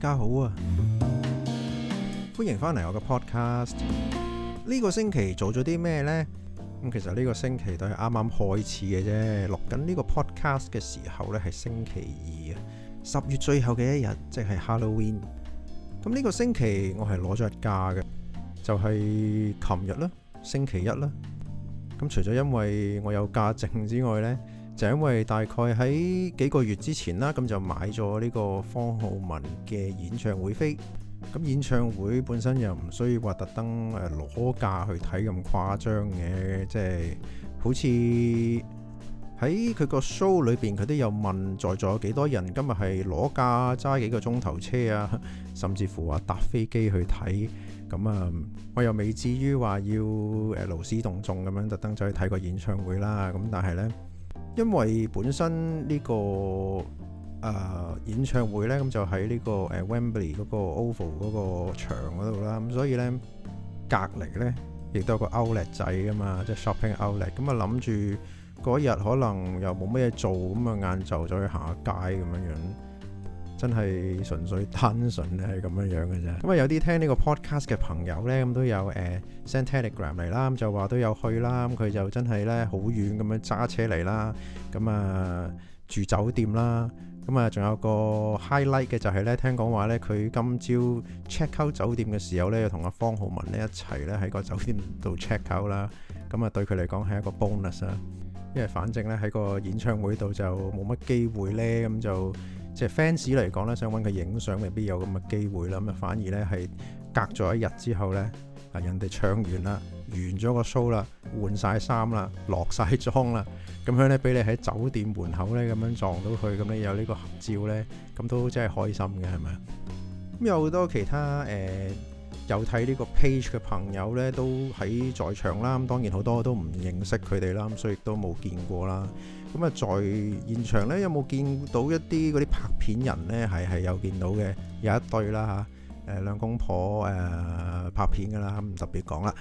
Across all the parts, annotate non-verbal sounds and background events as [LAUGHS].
大家好啊！歡迎翻嚟我嘅 podcast。呢個星期做咗啲咩呢？咁其實呢個星期都係啱啱開始嘅啫。錄緊呢個 podcast 嘅時候呢，係星期二啊，十月最後嘅一日，即係 Halloween。咁呢個星期我係攞咗日假嘅，就係琴日啦，星期一啦。咁除咗因為我有假證之外呢。就因為大概喺幾個月之前啦，咁就買咗呢個方浩文嘅演唱會飛。咁演唱會本身又唔需要話特登誒攞假去睇咁誇張嘅，即係好似喺佢個 show 裏邊，佢都有問在座有幾多人今日係攞假揸幾個鐘頭車啊，甚至乎話搭飛機去睇。咁啊，我又未至於話要誒勞師動眾咁樣特登走去睇個演唱會啦。咁但係呢。因為本身呢、這個誒、呃、演唱會咧，咁就喺呢、這個誒、呃、Wembley 嗰、那個 [NOISE] Oval 嗰個場嗰度啦，咁所以咧隔離咧亦都有個 Outlet 仔㗎嘛，即、就、係、是、shopping outlet，咁啊諗住嗰日可能又冇乜嘢做，咁啊晏晝再去行下街咁樣樣。真係純粹單純咧，係咁樣樣嘅啫。咁啊，有啲聽呢個 podcast 嘅朋友呢，咁都有誒 send、呃、telegram 嚟啦，咁、嗯、就話都有去啦。咁、嗯、佢就真係呢，好遠咁樣揸車嚟啦，咁、嗯、啊住酒店啦。咁、嗯、啊，仲有個 highlight 嘅就係呢，聽講話呢，佢今朝 check out 酒店嘅時候呢，又同阿方浩文呢一齊呢喺個酒店度 check out 啦。咁、嗯、啊，對佢嚟講係一個 bonus 啊，因為反正呢，喺個演唱會度就冇乜機會呢。咁、嗯、就。即係 fans 嚟講咧，想揾佢影相未必有咁嘅機會啦。咁啊，反而咧，係隔咗一日之後咧，啊人哋唱完啦，完咗個 show 啦，換晒衫啦，落晒妝啦，咁樣咧，俾你喺酒店門口咧，咁樣撞到佢，咁樣有呢個合照咧，咁都真係開心嘅，係咪？咁有好多其他誒。呃有睇呢個 page 嘅朋友呢都喺在，在場啦。咁當然好多都唔認識佢哋啦，咁所以都冇見過啦。咁啊，在現場呢，有冇見到一啲嗰啲拍片人呢？係係有見到嘅，有一對啦吓，誒兩公婆誒、呃、拍片噶啦，唔特別講啦。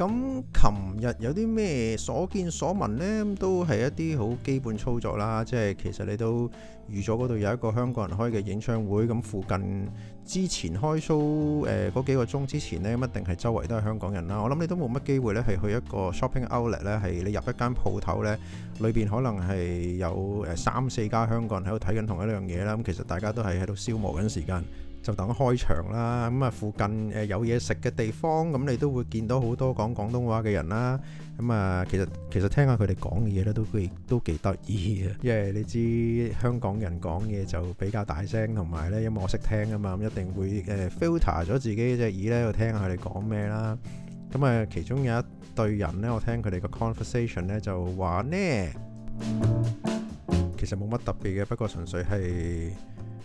咁琴日有啲咩所見所聞呢？都係一啲好基本操作啦。即係其實你都預咗嗰度有一個香港人開嘅演唱會，咁附近之前開 show 誒嗰幾個鐘之前呢，一定係周圍都係香港人啦。我諗你都冇乜機會呢，係去一個 shopping outlet 咧，係你入一間鋪頭呢，裏邊可能係有誒三四家香港人喺度睇緊同一樣嘢啦。咁其實大家都係喺度消磨緊時間。就等開場啦，咁啊附近誒有嘢食嘅地方，咁你都會見到好多講廣東話嘅人啦。咁啊，其實其實聽下佢哋講嘅嘢咧，都幾都幾得意嘅，因為你知香港人講嘢就比較大聲，同埋咧，因為我識聽啊嘛，咁一定會誒 filter 咗自己隻耳咧，去聽下佢哋講咩啦。咁啊，其中有一對人咧，我聽佢哋嘅 conversation 咧，就話咧，其實冇乜特別嘅，不過純粹係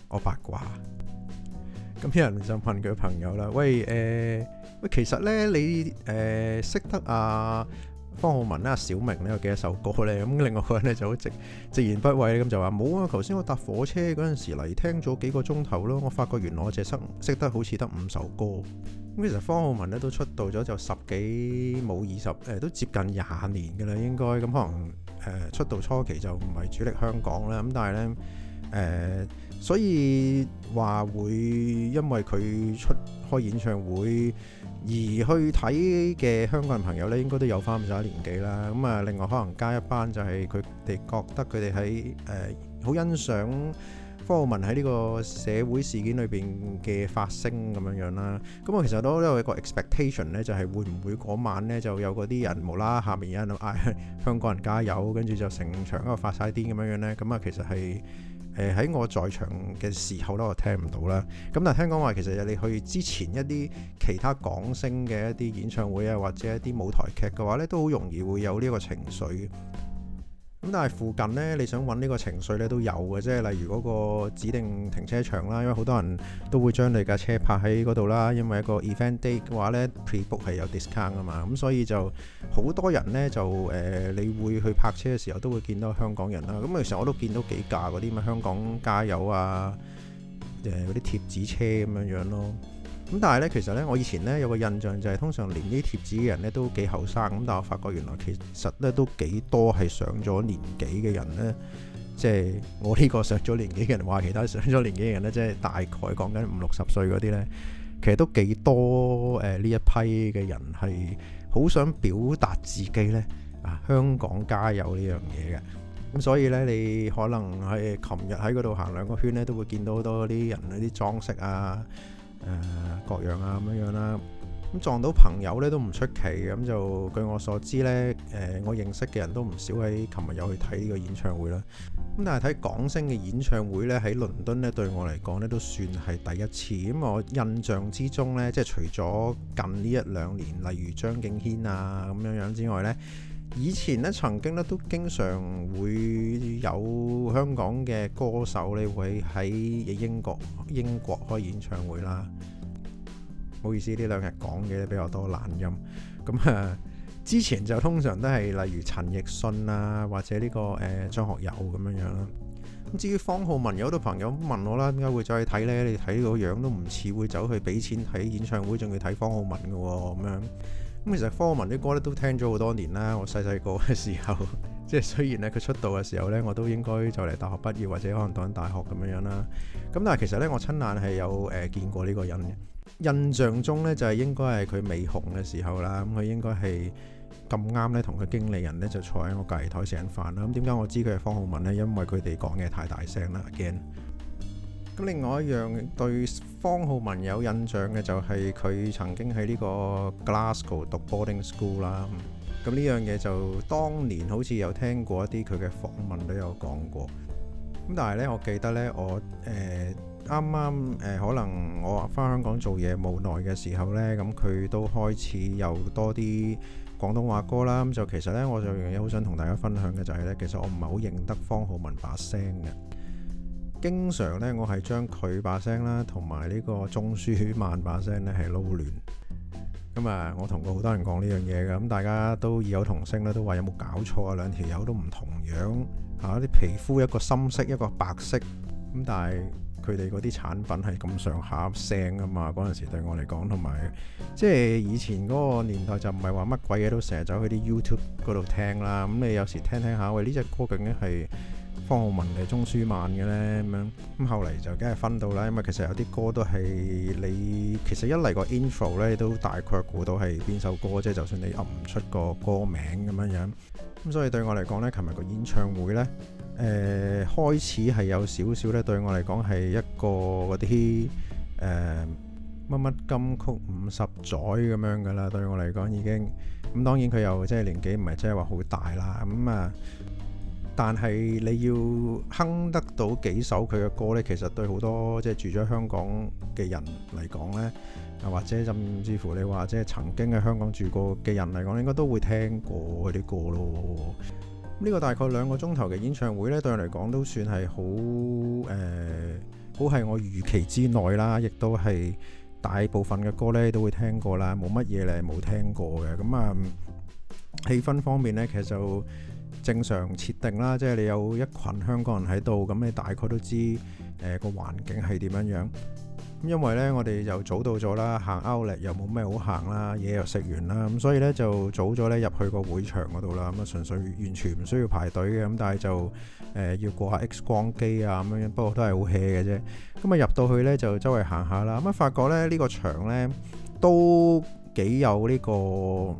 我八卦。咁有人就問佢朋友啦，喂誒喂、呃，其實呢，你、呃、誒識得阿方浩文咧、阿小明呢？有幾多首歌呢？」咁另外嗰人咧就好直直言不諱咁就話冇啊！頭先我搭火車嗰陣時嚟聽咗幾個鐘頭咯，我發覺原來我淨識識得好似得五首歌。咁其實方浩文呢，都出道咗就十幾冇二十誒，都接近廿年㗎啦，應該咁可能誒出道初期就唔係主力香港啦，咁但係呢。誒、呃，所以話會因為佢出開演唱會而去睇嘅香港人朋友咧，應該都有翻咁上下年紀啦。咁啊，另外可能加一班就係佢哋覺得佢哋喺誒好欣賞方浩文喺呢個社會事件裏邊嘅發聲咁樣樣啦。咁我其實都有一個 expectation 呢，就係會唔會嗰晚呢就有嗰啲人無啦下面有人度嗌、哎、香港人加油，跟住就成場嗰度發晒癲咁樣樣呢。咁啊，其實係。誒喺我在場嘅時候咧，我聽唔到啦。咁但係聽講話，其實你去之前一啲其他港星嘅一啲演唱會啊，或者一啲舞台劇嘅話咧，都好容易會有呢個情緒。咁但係附近呢，你想揾呢個情緒咧都有嘅，即係例如嗰個指定停車場啦，因為好多人都會將你架車泊喺嗰度啦。因為一個 event day 嘅話呢，pre book 係有 discount 啊嘛，咁所以就好多人呢，就誒、呃，你會去泊車嘅時候都會見到香港人啦。咁其實我都見到幾架嗰啲乜香港加油啊，誒嗰啲貼紙車咁樣樣咯。咁但係咧，其實咧，我以前咧有個印象就係通常連呢啲貼紙嘅人咧都幾後生，咁但係我發覺原來其實咧都幾多係上咗年紀嘅人咧，即係我呢個上咗年紀嘅人話，其他上咗年紀嘅人咧，即係大概講緊五六十歲嗰啲咧，其實都幾多誒呢一批嘅人係好想表達自己咧啊香港加油呢樣嘢嘅，咁所以咧你可能係琴日喺嗰度行兩個圈咧，都會見到好多啲人嗰啲裝飾啊。誒，各樣啊，咁樣樣啦，咁撞到朋友呢都唔出奇嘅，咁就據我所知呢，誒，我認識嘅人都唔少喺琴日有去睇呢個演唱會啦，咁但係睇港星嘅演唱會呢，喺倫敦呢對我嚟講呢都算係第一次，咁我印象之中呢，即係除咗近呢一兩年，例如張敬軒啊咁樣樣之外呢。以前咧，曾經咧都經常會有香港嘅歌手咧，會喺英國英國開演唱會啦。唔好意思，呢兩日講嘢比較多懶音。咁啊，之前就通常都係例如陳奕迅啊，或者呢、呢個誒、呃、張學友咁樣樣啦。至於方浩文有好多朋友問我啦，點解會再去睇呢？你睇個樣都唔似會走去俾錢睇演唱會，仲要睇方浩文嘅喎，咁樣。咁其實方浩文啲歌咧都聽咗好多年啦，我細細個嘅時候，即係雖然咧佢出道嘅時候咧，我都應該就嚟大學畢業或者可能讀緊大學咁樣啦。咁但係其實咧，我親眼係有誒、呃、見過呢個人，印象中咧，就係、是、應該係佢未紅嘅時候啦。咁、嗯、佢應該係咁啱咧，同佢經理人咧就坐喺我隔籬枱食緊飯啦。咁點解我知佢係方浩文呢？因為佢哋講嘢太大聲啦，驚。咁另外一樣對方浩文有印象嘅就係佢曾經喺呢個 Glasgow 讀 boarding school 啦。咁呢樣嘢就當年好似有聽過一啲佢嘅訪問都有講過。咁但係呢，我記得呢，我誒啱啱誒可能我翻香港做嘢冇耐嘅時候呢，咁佢都開始有多啲廣東話歌啦。咁就其實呢，我就有樣嘢好想同大家分享嘅就係呢，其實我唔係好認得方浩文把聲嘅。經常呢，我係將佢把聲啦，同埋呢個鍾舒漫把聲呢係撈亂。咁啊，我同過好多人講呢樣嘢嘅，咁大家都異口同聲啦，都話有冇搞錯啊？兩條友都唔同樣嚇，啲皮膚一個深色，一個白色。咁但係佢哋嗰啲產品係咁上下聲啊嘛。嗰陣時對我嚟講，同埋即係以前嗰個年代就唔係話乜鬼嘢都成日走去啲 YouTube 嗰度聽啦。咁你有時聽聽下，喂呢隻歌究竟係？方浩文定鍾舒漫嘅咧咁樣，咁後嚟就梗係分到啦。因為其實有啲歌都係你，其實一嚟個 intro 咧都大概估到係邊首歌，即係就算你吟唔出個歌名咁樣樣。咁所以對我嚟講咧，琴日個演唱會咧，誒、呃，開始係有少少咧，對我嚟講係一個嗰啲誒乜乜金曲五十載咁樣噶啦。對我嚟講已經咁，當然佢又即係年紀唔係即係話好大啦。咁啊～但係你要哼得到幾首佢嘅歌呢，其實對好多即係住咗香港嘅人嚟講呢，啊或者甚至乎你話即係曾經喺香港住過嘅人嚟講，應該都會聽過佢啲歌咯。呢個大概兩個鐘頭嘅演唱會呢，對我嚟講都算係好誒，好係我預期之內啦，亦都係大部分嘅歌呢都會聽過啦，冇乜嘢呢冇聽過嘅。咁啊，氣氛方面呢，其實就～正常設定啦，即係你有一群香港人喺度，咁你大概都知誒個環境係點樣樣。咁因為呢，我哋又早到咗啦，行歐力又冇咩好行啦，嘢又食完啦，咁所以呢就早咗呢入去個會場嗰度啦。咁啊，純粹完全唔需要排隊嘅，咁但係就誒要過下 X 光機啊咁樣。不過都係好 hea 嘅啫。咁啊入到去呢就周圍行下啦。咁啊發覺呢呢個場呢都幾有呢個誒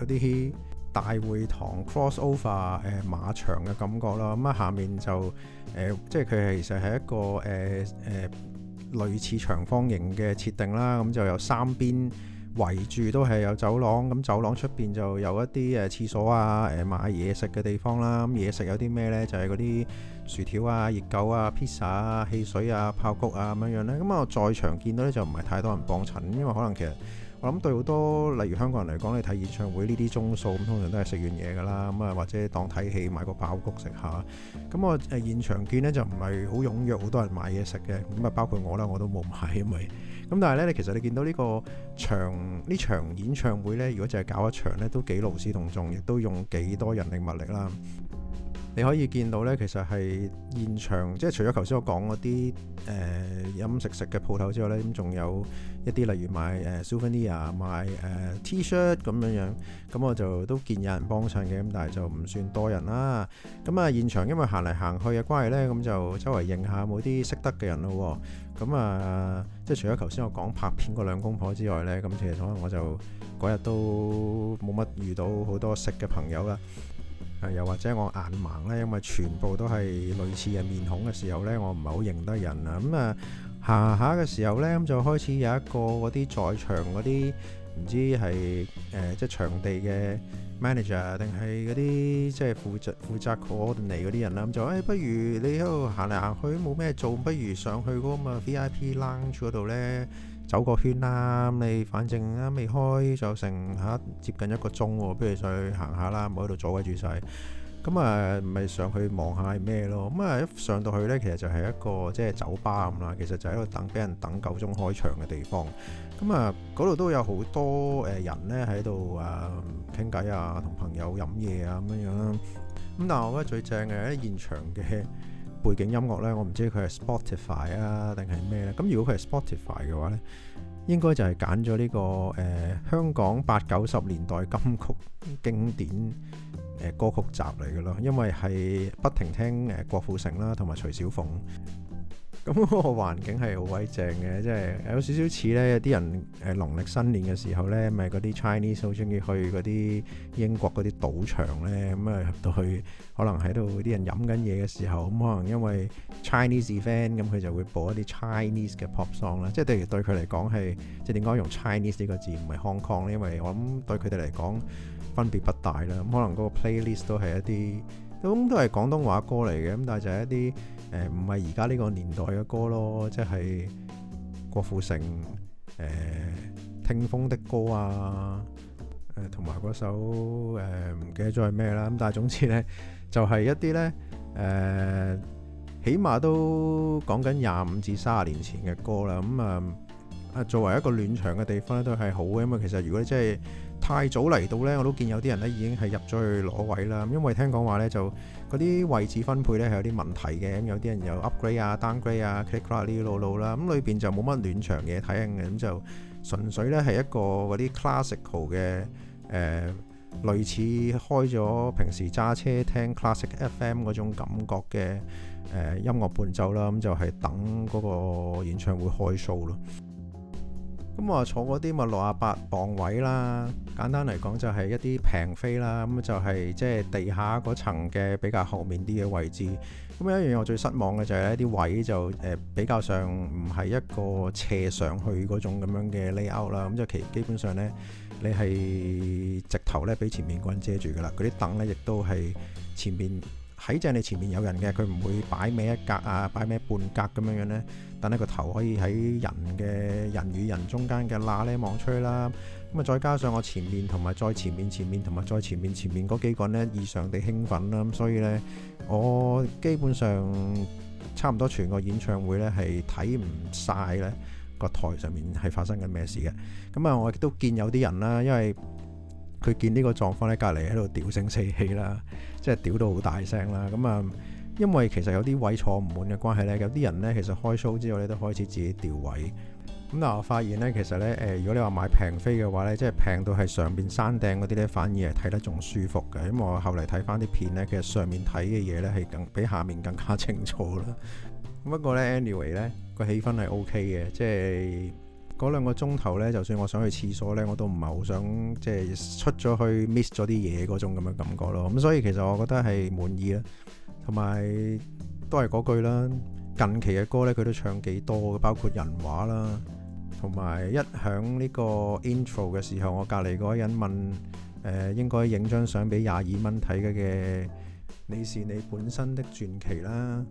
嗰啲。大會堂 cross over 誒、呃、馬場嘅感覺啦，咁、嗯、啊下面就誒、呃、即係佢其實係一個誒誒、呃呃、類似長方形嘅設定啦，咁、嗯、就有三邊圍住都係有走廊，咁、嗯、走廊出邊就有一啲誒、呃、廁所啊、誒、呃、買嘢食嘅地方啦，咁、嗯、嘢食有啲咩呢？就係嗰啲薯條啊、熱狗啊、pizza 啊、汽水啊、爆谷啊咁樣樣呢，咁、嗯、啊我在場見到呢，就唔係太多人幫襯，因為可能其實。我諗對好多例如香港人嚟講，你睇演唱會呢啲鐘數，咁通常都係食完嘢㗎啦，咁啊或者當睇戲買個爆谷食下。咁我誒現場見咧就唔係好踴躍，好多人買嘢食嘅。咁啊包括我啦，我都冇買因為。咁但係咧，你其實你見到呢個場呢場演唱會咧，如果淨係搞一場咧，都幾勞師動眾，亦都用幾多人力物力啦。你可以見到呢，其實係現場，即係除咗頭先我講嗰啲誒飲食食嘅鋪頭之外呢，咁仲有一啲例如買誒 souvenir 買誒、呃、T-shirt 咁樣樣，咁我就都見有人幫襯嘅，咁但係就唔算多人啦。咁啊，現場因為行嚟行去嘅關係呢，咁就周圍認下有冇啲識得嘅人咯。咁啊，即係除咗頭先我講拍片嗰兩公婆之外呢，咁其實可能我就嗰日都冇乜遇到好多識嘅朋友啦。啊！又或者我眼盲咧，因為全部都係類似嘅面孔嘅時候咧，我唔係好認得人啊！咁、嗯、啊，行下嘅時候咧，咁就開始有一個嗰啲在場嗰啲唔知係誒、呃、即係場地嘅 manager 定係嗰啲即係負責負責 coordinate 嗰啲人啦，咁、嗯、就誒、哎、不如你喺度行嚟行去冇咩做，不如上去嗰、那個 VIP lounge 嗰度咧。走個圈啦，咁你反正啊未開就剩下接近一個鐘喎，不如上去行下啦，唔好喺度阻住曬。咁啊，咪上去望下係咩咯？咁啊，一上到去咧，其實就係一個即係酒吧咁啦，其實就喺度等俾人等九鐘開場嘅地方。咁啊，嗰度都有好多誒人咧喺度啊傾偈啊，同朋友飲嘢啊咁樣啦。咁但係我覺得最正嘅喺現場嘅。背景音樂呢，我唔知佢係 Spotify 啊定係咩呢？咁如果佢係 Spotify 嘅話呢，應該就係揀咗呢個誒、呃、香港八九十年代金曲經典、呃、歌曲集嚟嘅咯，因為係不停聽誒、呃、郭富城啦同埋徐小鳳。咁個 [LAUGHS] 環境係好鬼正嘅，即係有少少似咧，有啲人誒、呃、農曆新年嘅時候咧，咪嗰啲 Chinese 好中意去嗰啲英國嗰啲賭場咧，咁啊入到去，可能喺度啲人飲緊嘢嘅時候，咁、嗯、可能因為 Chinese fan，咁、嗯、佢就會播一啲 Chinese 嘅 pop song 啦。即係對對佢嚟講係，即係點解用 Chinese 呢個字唔係 Hong Kong 咧，因為我諗對佢哋嚟講分別不大啦。咁、嗯、可能嗰個 playlist 都係一啲，咁、嗯、都係廣東話歌嚟嘅，咁但係就係一啲。誒唔係而家呢個年代嘅歌咯，即係郭富城誒、呃《聽風的歌》啊，誒同埋嗰首誒唔、呃、記得咗係咩啦，咁但係總之咧就係、是、一啲咧誒，起碼都講緊廿五至卅年前嘅歌啦，咁啊啊作為一個暖場嘅地方咧都係好嘅，因為其實如果你真係太早嚟到呢，我都見有啲人呢已經係入咗去攞位啦。因為聽講話呢，就嗰啲位置分配呢係有啲問題嘅。咁有啲人有 upgrade 啊、downgrade 啊、click clark 啊呢啲路路啦。咁裏邊就冇乜暖場嘢睇嘅。咁、嗯、就純粹呢係一個嗰啲 classical 嘅誒、呃，類似開咗平時揸車聽 classic FM 嗰種感覺嘅誒、呃、音樂伴奏啦。咁、嗯、就係、是、等嗰個演唱會開 show 咯。咁我坐嗰啲咪六啊八磅位啦，簡單嚟講就係一啲平飛啦，咁就係即係地下嗰層嘅比較後面啲嘅位置。咁有一樣我最失望嘅就係一啲位就誒比較上唔係一個斜上去嗰種咁樣嘅 layout 啦，咁就其基本上呢，你係直頭呢俾前面個人遮住噶啦，嗰啲凳呢，亦都係前面。喺正你前面有人嘅，佢唔會擺尾一格啊，擺尾半格咁樣樣呢。等一個頭可以喺人嘅人與人中間嘅罅呢望出去啦。咁啊，再加上我前面同埋再前面、前面同埋再前面、前面嗰幾個人呢異常地興奮啦。咁所以呢，我基本上差唔多全個演唱會呢係睇唔晒呢個台上面係發生緊咩事嘅。咁、嗯、啊，我亦都見有啲人啦，因為。佢見呢個狀況呢，隔離喺度屌聲四起啦，即係屌到好大聲啦。咁啊，因為其實有啲位坐唔滿嘅關係呢，有啲人呢其實開 show 之後呢都開始自己調位。咁但我發現呢，其實呢，誒，如果你話買平飛嘅話呢即係平到係上邊山頂嗰啲呢，反而係睇得仲舒服嘅。因為我後嚟睇翻啲片呢，其實上面睇嘅嘢呢係更比下面更加清楚啦。不過呢 anyway，呢個氣氛係 OK 嘅，即係。嗰兩個鐘頭呢，就算我想去廁所呢，我都唔係好想即係出咗去 miss 咗啲嘢嗰種咁嘅感覺咯。咁所以其實我覺得係滿意啦，同埋都係嗰句啦。近期嘅歌呢，佢都唱幾多，包括人話啦，同埋一響呢個 intro 嘅時候，我隔離嗰個人問誒、呃，應該影張相俾廿二蚊睇嘅，你是你本身的傳奇啦。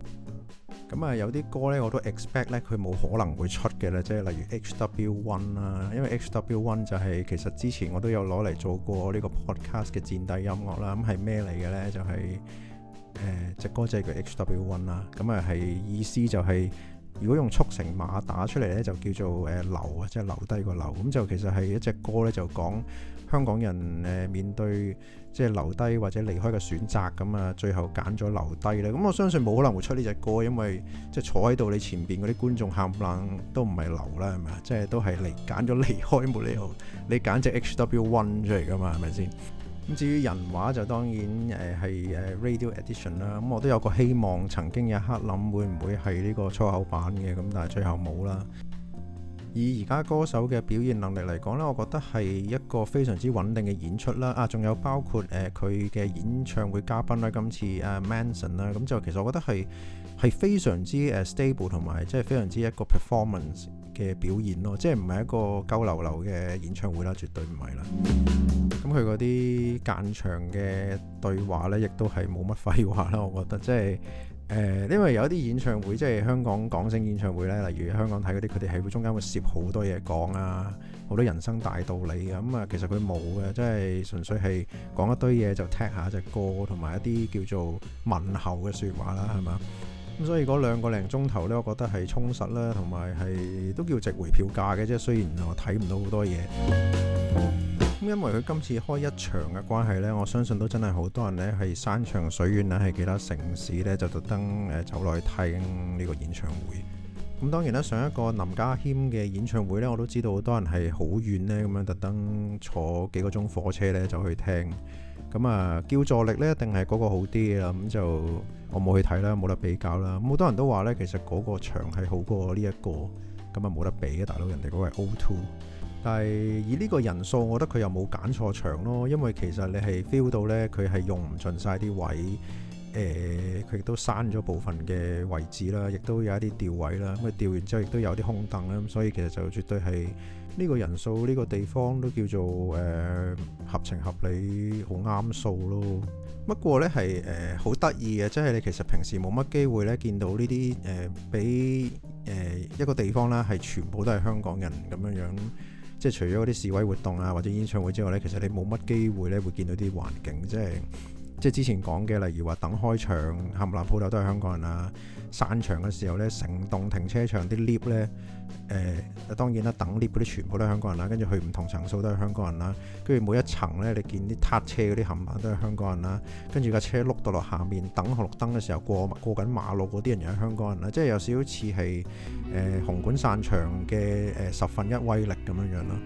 咁啊，有啲歌呢，我都 expect 咧，佢冇可能會出嘅咧，即係例如 HW One 啦，因為 HW One 就係、是、其實之前我都有攞嚟做過呢個 podcast 嘅戰地音樂啦。咁係咩嚟嘅呢？就係誒隻歌就係叫 HW One 啦。咁啊，係意思就係、是。如果用速成碼打出嚟咧，就叫做誒留啊，即係留低個留。咁就其實係一隻歌咧，就講香港人誒、呃、面對即係留低或者離開嘅選擇咁啊，最後揀咗留低咧。咁我相信冇可能會出呢隻歌，因為即係坐喺度你前邊嗰啲觀眾冚唪唥都唔係留啦，係咪啊？即係都係嚟揀咗離開冇理由，你揀隻 HW one 出嚟㗎嘛，係咪先？至於人話就當然誒係 Radio Edition 啦。咁我都有個希望，曾經有一刻諗會唔會係呢個粗口版嘅，咁但係最後冇啦。以而家歌手嘅表現能力嚟講呢，我覺得係一個非常之穩定嘅演出啦。啊，仲有包括誒佢嘅演唱會嘉賓啦，今次誒 Manson 啦，咁就其實我覺得係係非常之誒 stable 同埋即係非常之一個 performance 嘅表現咯，即係唔係一個鳩流流嘅演唱會啦，絕對唔係啦。咁佢嗰啲間場嘅對話呢，亦都係冇乜廢話啦。我覺得即係誒、呃，因為有啲演唱會，即係香港港星演唱會呢，例如香港睇嗰啲，佢哋係會中間會攝好多嘢講啊，好多人生大道理咁啊、嗯。其實佢冇嘅，即係純粹係講一堆嘢就聽下隻歌，同埋一啲叫做問候嘅説話啦，係嘛？咁所以嗰兩個零鐘頭呢，我覺得係充實啦，同埋係都叫值回票價嘅即係。雖然我睇唔到好多嘢。因為佢今次開一場嘅關係咧，我相信都真係好多人呢係山長水遠啊，係其他城市呢就特登誒走落去聽呢個演唱會。咁當然啦，上一個林家謙嘅演唱會呢，我都知道好多人係好遠呢，咁樣特登坐幾個鐘火車呢就去聽。咁啊，叫座力呢，一定係嗰個好啲啦。咁就我冇去睇啦，冇得比較啦。好多人都話呢，其實嗰個場係好過呢一個，咁啊冇得比啊，大佬人哋嗰個係 O2。但係以呢個人數，我覺得佢又冇揀錯場咯，因為其實你係 feel 到呢，佢係用唔盡晒啲位，誒佢亦都刪咗部分嘅位置啦，亦都有一啲調位啦，咁啊調完之後亦都有啲空凳啦，咁所以其實就絕對係呢個人數呢、呢個地方都叫做誒、呃、合情合理，好啱數咯。不過呢係誒好得意嘅，即係你其實平時冇乜機會呢見到呢啲誒俾誒一個地方呢係全部都係香港人咁樣樣。即係除咗嗰啲示威活動啊，或者演唱會之外呢，其實你冇乜機會呢，會見到啲環境，即係。即係之前講嘅，例如話等開場冚唪唥鋪頭都係香港人啦，散場嘅時候呢成棟停車場啲 lift 呢，誒、呃、當然啦，等 lift 嗰啲全部都係香港人啦，跟住去唔同層數都係香港人啦，跟住每一層呢，你見啲撻車嗰啲冚唪唥都係香港人啦，跟住架車碌到落下面等紅綠燈嘅時候過過緊馬路嗰啲人又係香港人啦，即係有少少似係誒紅館散場嘅誒、呃、十分一威力咁樣樣啦。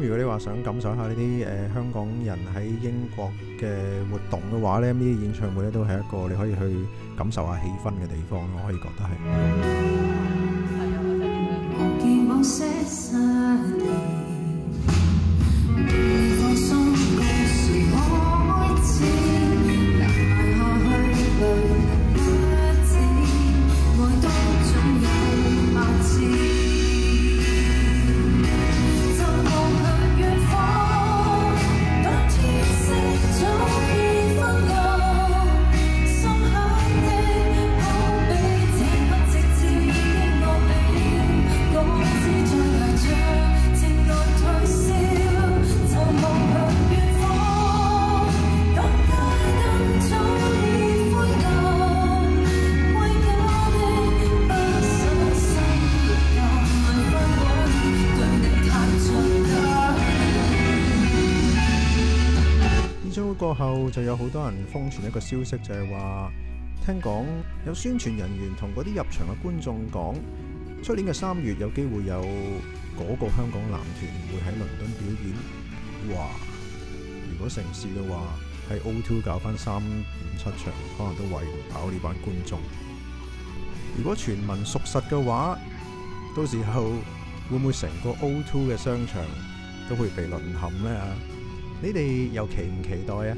如果你話想感受一下呢啲誒香港人喺英國嘅活動嘅話咧，呢啲演唱會咧都係一個你可以去感受下氣氛嘅地方咯，我可以覺得係。 [MUSIC] 就有好多人瘋傳一個消息，就係話聽講有宣傳人員同嗰啲入場嘅觀眾講，出年嘅三月有機會有嗰個香港男團會喺倫敦表演。哇！如果成事嘅話，喺 O Two 搞翻三五七場，可能都餵唔飽呢班觀眾。如果傳聞屬實嘅話，到時候會唔會成個 O Two 嘅商場都會被淪陷呢？你哋又期唔期待啊？